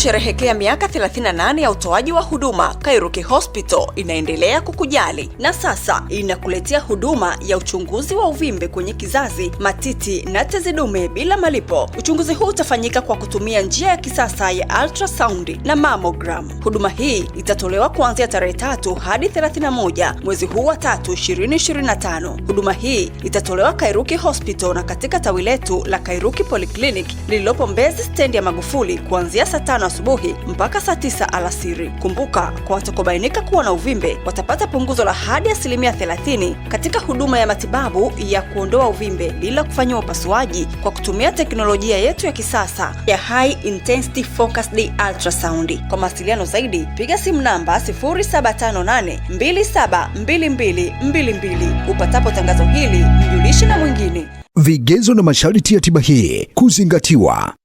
kusherehekea miaka 38 ya utoaji wa huduma, Kairuki Hospital inaendelea kukujali na sasa inakuletea huduma ya uchunguzi wa uvimbe kwenye kizazi, matiti na tezi dume bila malipo. Uchunguzi huu utafanyika kwa kutumia njia ya kisasa ya ultrasound na mammogram. Huduma hii itatolewa kuanzia tarehe tatu hadi 31 mwezi huu wa tatu 2025. Huduma hii itatolewa Kairuki Hospital na katika tawi letu la Kairuki Polyclinic lililopo Mbezi stendi ya Magufuli kuanzia saa tano asubuhi mpaka saa tisa alasiri. Kumbuka, kwa watakobainika kuwa na uvimbe watapata punguzo la hadi asilimia 30 katika huduma ya matibabu ya kuondoa uvimbe bila kufanyiwa upasuaji kwa kutumia teknolojia yetu ya kisasa ya high intensity focused ultrasound. Kwa mawasiliano zaidi piga simu namba 0758272222. Upatapo tangazo hili mjulishe na mwingine. Vigezo na masharti ya tiba hii kuzingatiwa.